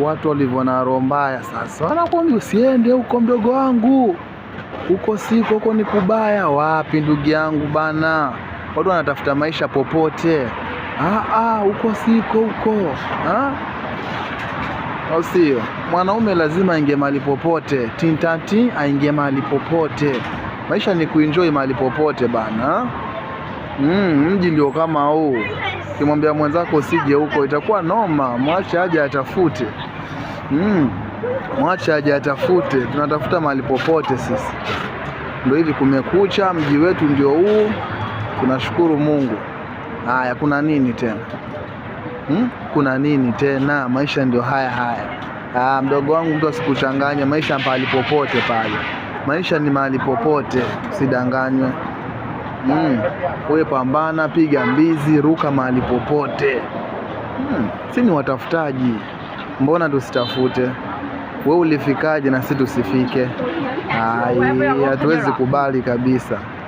watu walivyo na roho mbaya sasa, wanakuambia usiende huko, mdogo wangu, huko siko, huko ni kubaya. Wapi ndugu yangu bana, watu wanatafuta maisha popote. Ah, ah huko siko huko, au ah? oh, sio? Mwanaume lazima aingie mahali popote, tintati aingie mahali popote. Maisha ni kuenjoy mahali popote bana. Mm, mji ndio kama huu. Ukimwambia mwenzako usije huko itakuwa noma, mwache aje atafute. Mm. Mwacha aje atafute, tunatafuta mahali popote sisi. Ndio hivi kumekucha, mji wetu ndio huu. Tunashukuru Mungu. Haya, kuna nini tena? Hmm? Kuna nini tena? Maisha ndio haya haya. Ah, mdogo wangu, mtu asikuchanganye. Maisha pahali popote pale, maisha ni mahali popote, usidanganywe. Hmm. Wewe pambana, piga mbizi, ruka mahali popote. Hmm. Si ni watafutaji mbona tusitafute? Wewe ulifikaje na sisi tusifike? Hatuwezi kubali kabisa.